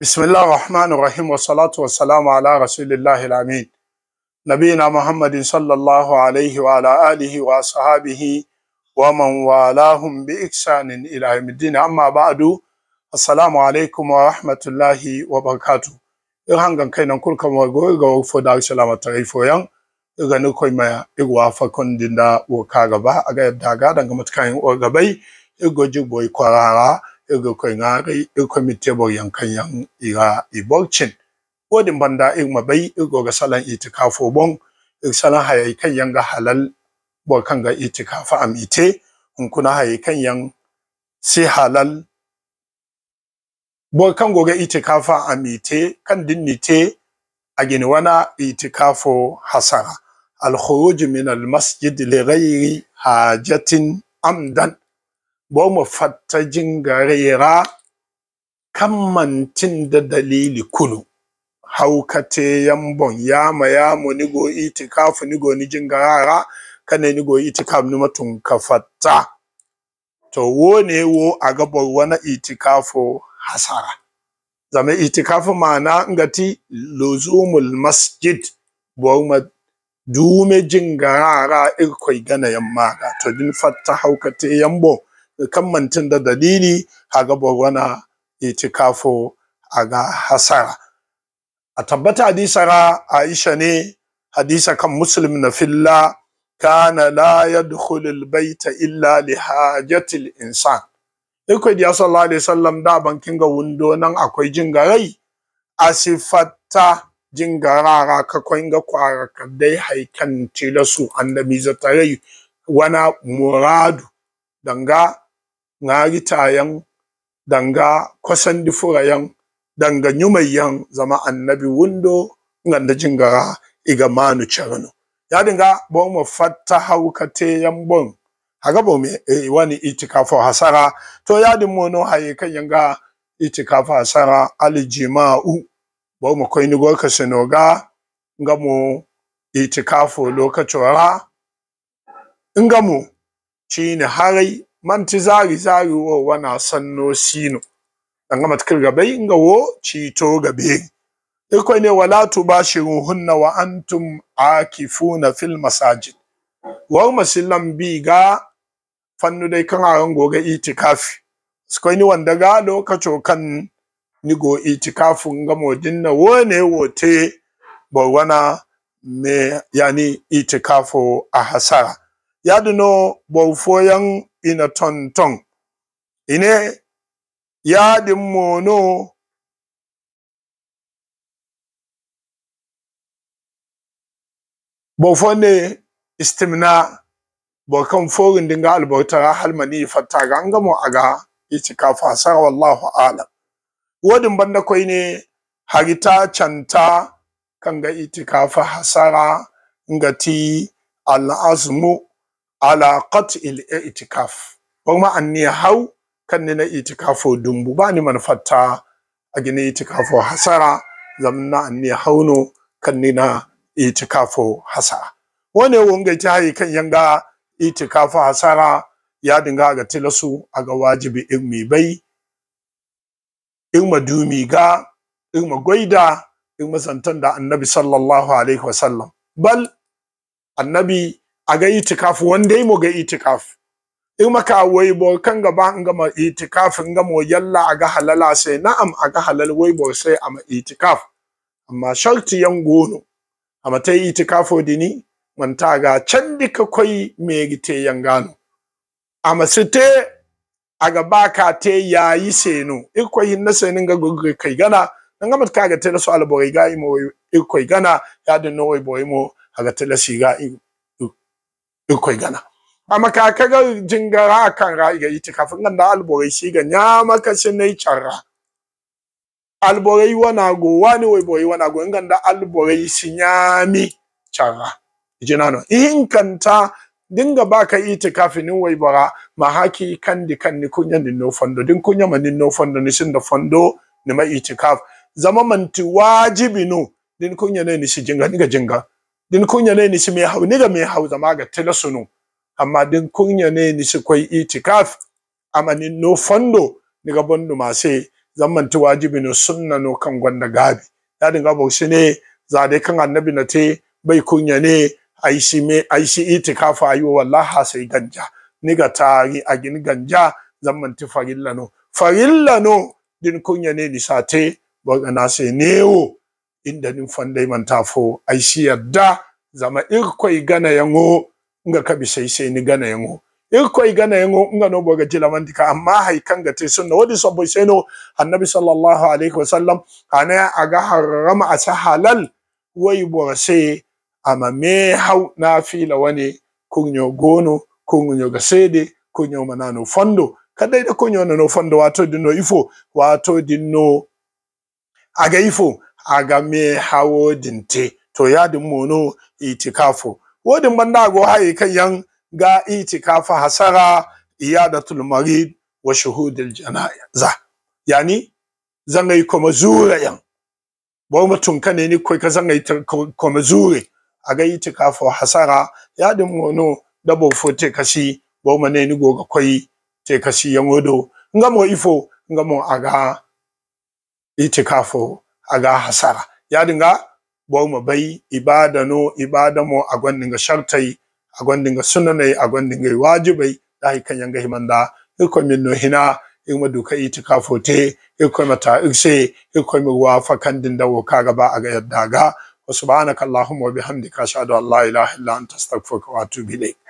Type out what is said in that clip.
بسم الله الرحمن الرحيم والصلاة والسلام على رسول الله الأمين نبينا محمد صلى الله عليه وعلى آله وأصحابه ومن والاهم بإحسان إلى يوم الدين أما بعد السلام عليكم ورحمة الله وبركاته إرهان كان كينا كل كم وقول قول فدار سلامة تغيفو يان gani koi ما igwa fa دين دا kagaba aga yabda ga danga matkayin o gabai igoji boy ega ko ngari e komite bo yang kanyang iga ibokchin wodin banda e mabai e go ga salan itikafo bon e salan haye kan ga halal bo kan ga itikafa amite in kuna haye kan yang si halal bo kan go ga itikafa amite kan dinnite agini wana itikafo hasara al khuruj min al masjid li ghairi hajatin amdan bo mu fattajin garera kammantin da dalili kulu haukate yambon yama yamo nigo itikafu nigo nijin garara kane nigo itikaf ni matun fata, to wone wo a gabar wani itikafu hasara zama itikafu mana ngati luzumul masjid boma mu dume jin garara irkoi gana yamma to din fatta haukate yambo kan da dalili haga bagwana ya a ga hasara a tabbata ra aisha ne hadisa kan muslim na filla kana la bai ta illa li hajati insan iko diya sallallahu alaihi sallam da bankin ga wundo nan akwai jingarai asifata jingarara ka koinga kwara kadai haikan tilasu da mizatarai wana muradu danga danga ŋaari di fura yang danga nyuma yang zama annabi wundo ŋanda jingara iga manu nga yadinga bomo fatta yang bon haga bome e, eh, wani itikafo hasara to yadin mwono haye kan yanga itikafo hasara alijima'u bomo koyni gorka sinoga ngamo itikafo Nga ngamu chini harai man ti zari zari wo wana sanno sino danga matkil gabai nga wo to gabe iko ne wala hunna wa antum akifuna fil masajid wa masillam bi ga fannu dai kan aron goga itikafi suko ni wanda ga lokaco kan ni go itikafun ga modin na wo wote bo wana me yani itikafu a hasara yaduno bo foyan ina tonton ine yadin mono bofone istimna kan forin dinga albautar halmani fatta ga an gamo aga itikafa sa wallahu alam wodin banda koi ne ta canta kanga itikafa hasara ngati al azmu ala il i'tikaf an ni hau kan ni na i'tikafo dumbu ba ni manfatta a gini i'tikafo hasara zamna anni hauno kan ni na i'tikafo hasa wane wonga ta hayi kan yanga i'tikafo hasara ya dinga ga tilasu aga wajibi mi bai ilma dumi ga ilma goida in masantan da annabi sallallahu alaihi wasallam bal annabi aga itikafu one day mo ga itikafu Irmaka wai bo kan gaba in gama itikaf in gama yalla aga halala sai na'am aga halal wai sai ama itikaf amma sharti yan gono amma tai itikafo dini manta ga can dika koi me gite yan gano amma a aga baka te yayi seno ikoi na senin ga gugure kai gana nan gamat kaga tele su alboy ga imo gana ya dinno wai bo imo aga tele imo ikoigana amaka kaga jingara kan raiga iti kafin nan da alborai shi ga nya maka shi nai charra alborai wana go wani wai borai wana go nganda alborai shi nyami charra jinano in kanta dinga baka iti kafin wai bara mahaki kan di kan ni kunya ni no fondo din kunya man ni no fondo ni shin da fondo ni ma iti kaf zama manti wajibi no din kunya ne ni shi jinga ni ga jinga din kunya ne ni mai hau ni ga mai hau zama ga tilasunu amma din kunya ne ni shi kai itikaf amani no fondo ni ga bondu ma sai, zaman ti wajibi no sunna no kan gwanda gabi ya bau su ne za dai kan annabi na te bai kunya ne ai shi mai ai shi itikaf ayo wallahi sai ganja ni ga tari a gin ganja zaman ti farilla no farilla no din kunya ne ni sate ba na sai newo inda nin fandai man tafo ai shi yadda zama irkoi gana yango nga bi sai ni gana yango irkoi gana yango nga no boga jilamantika amma hay ga te sunna wodi sai no annabi sallallahu alaihi wasallam ana aga harama asa halal wai bora sai amma me hau na fila wani kunyo gono kunyo gasede kunyo manano fondo kadai da kunyo nano fondo wato dinno ifo wato dinno aga ifo agame hawo dinte to yadin mono itikafu wodin banda go hayi kan yan ga itikafu hasara iyadatul marid wa shuhudul janaza yani zangai kuma zura yan bo mutun kane ni koi ka zangai kuma zure aga itikafu hasara yadin mono dabo fote kashi bo mane ni go ga koi te kashi yan wodo ngamo ifo ngamo aga itikafu. aga hasara yadinga mu bai ibada no ibada mo a shartai ga sunanai a agwandinga wajibai dai yanga himanda iko no hina ma duka itikafu te iko mata ikse iko mi wafa kandin dawo kaga ba ga yadda ga subhanakallahumma wa bihamdika ashhadu an la ilaha illa anta astaghfiruka wa atubu ilayk